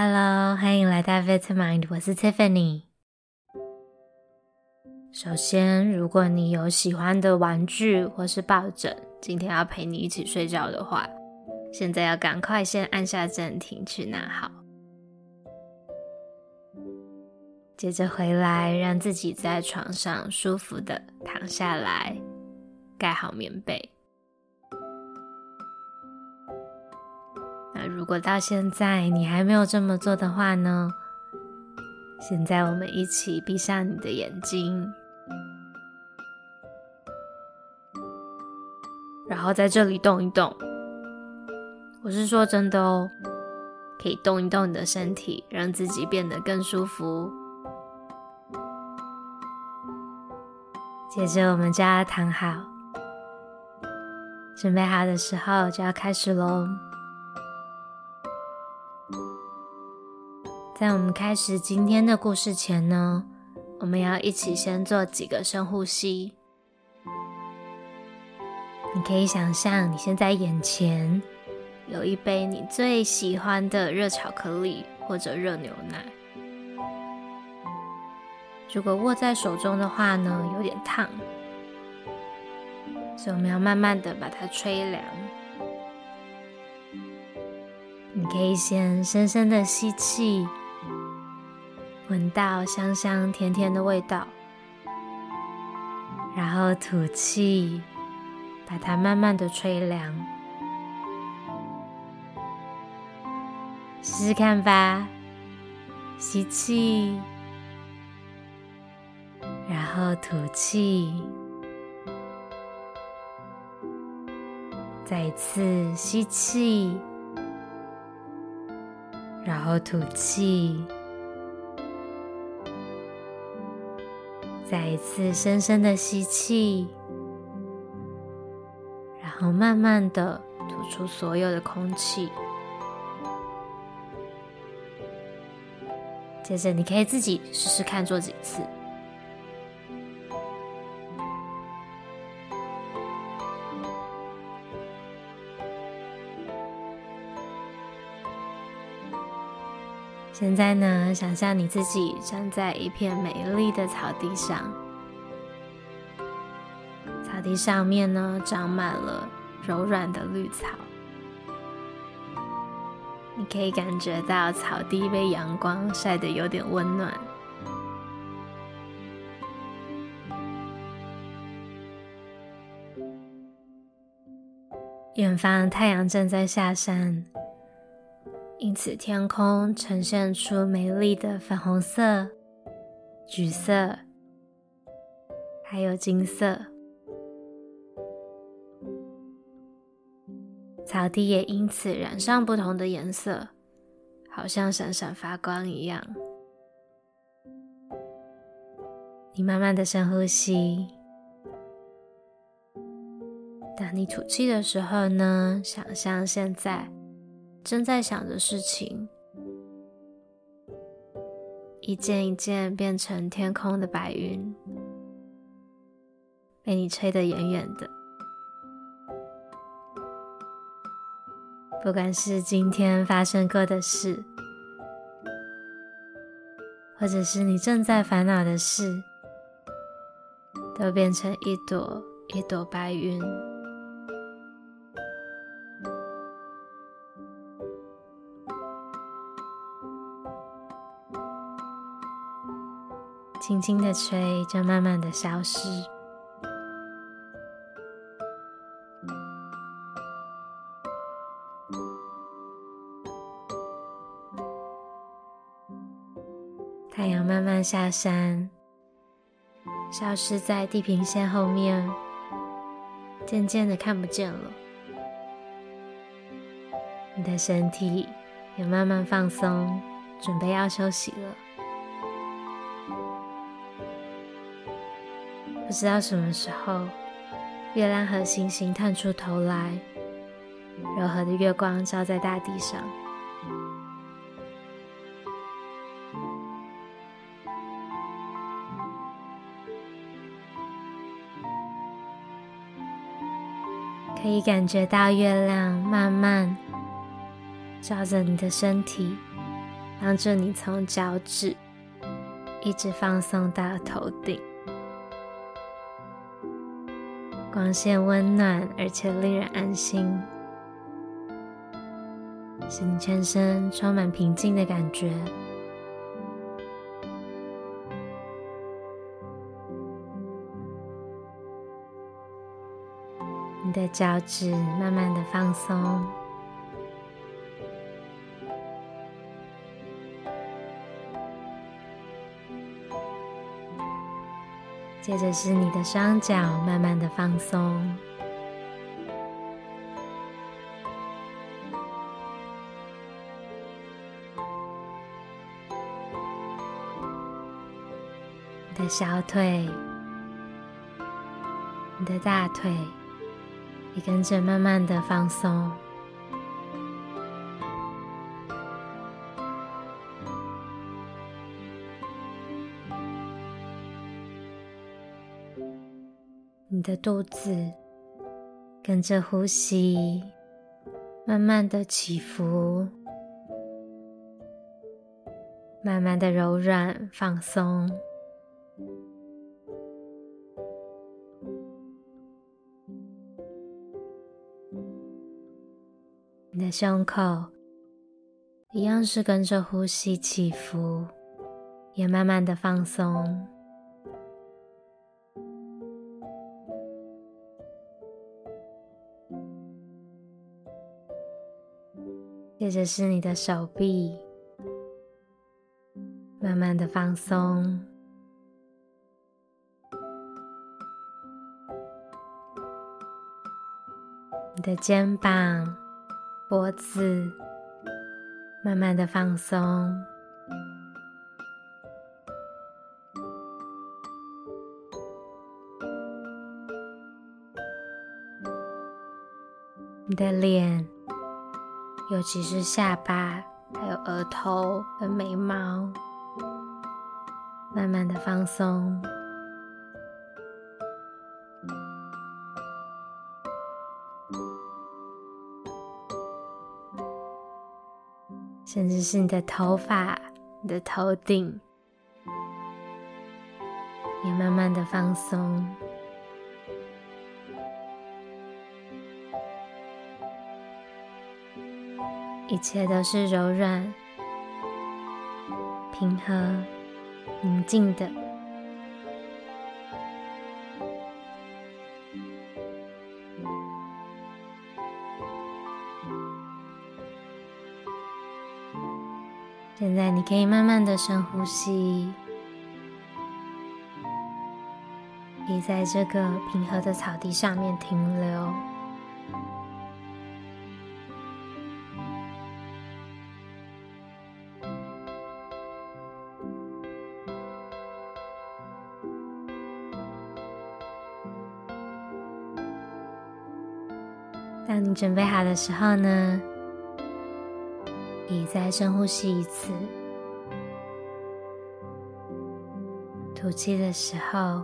Hello，歡迎來到 Vitamind，我是 Tiffany。首先，如果你有喜歡的玩具或是抱枕，今天要陪你一起睡覺的話，現在要趕快先按下暫停去拿好，接着回來讓自己在床上舒服的躺下來，蓋好棉被。如果到現在你還沒有這麼做的話呢？現在我們一起閉上你的眼睛，然後在這裡動一動。我是說真的哦，可以動一動你的身體，讓自己變得更舒服。接着我們就要躺好，準備好的時候就要開始嘍。在我們開始今天的故事前呢，我們要一起先做幾個深呼吸。你可以想象你現在眼前有一杯你最喜歡的熱巧克力或者熱牛奶，如果握在手中的話呢，有點燙，所以我們要慢慢的把它吹涼。你可以先深深的吸氣。聞到香香甜甜的味道，然後吐氣，把它慢慢的吹涼，試試看吧。吸氣，然後吐氣，再一次吸氣，然後吐氣。再一次深深的吸氣，然後慢慢的吐出所有的空氣。接着你可以自己試試看做幾次。現在呢，想象你自己站在一片美麗的草地上，草地上面呢，長滿了柔軟的綠草，你可以感覺到草地被陽光曬得有點溫暖。遠方太陽正在下山。因此，天空呈現出美麗的粉紅色、橘色，還有金色。草地也因此染上不同的顏色，好像閃閃發光一樣。你慢慢的深呼吸，當你吐氣的時候呢，想象現在。正在想的事情，一件一件變成天空的白雲，被你吹得遠遠的。不管是今天發生過的事，或者是你正在煩惱的事，都變成一朵一朵白雲。輕輕的吹，就慢慢的消失。太陽慢慢下山，消失在地平線後面，漸漸的看不見了。你的身體也慢慢放鬆，準備要休息了。不知道什麼時候，月亮和星星探出頭來，柔和的月光照在大地上。可以感覺到月亮慢慢照着你的身體，幫助你從腳趾一直放鬆到頭頂。光線溫暖，而且令人安心，使你全身充滿平靜的感覺。你的腳趾慢慢的放鬆。接着是你的雙腳，慢慢的放鬆。你的小腿，你的大腿，也跟着慢慢的放鬆。你的肚子跟着呼吸，慢慢的起伏，慢慢的柔軟放鬆。你的胸口一樣是跟着呼吸起伏，也慢慢的放鬆。接着是你的手臂，慢慢的放鬆；你的肩膀、脖子，慢慢的放鬆；你的臉。尤其是下巴，還有額頭和眉毛，慢慢的放鬆。甚至是你的頭髮，你的頭頂，也慢慢的放鬆。一切都是柔軟、平和、寧靜的。現在你可以慢慢的深呼吸，你，在這個平和的草地上面停留。當你準備好的時候呢，你再深呼吸一次，吐氣的時候，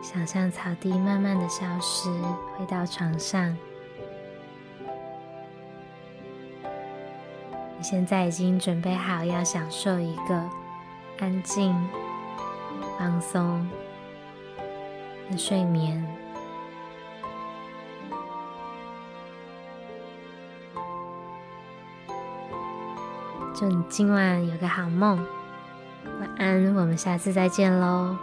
想象草地慢慢的消失，回到床上。你現在已經準備好要享受一個安靜、放鬆的睡眠。祝你今晚有個好夢。晚安，我們下次再見嘍。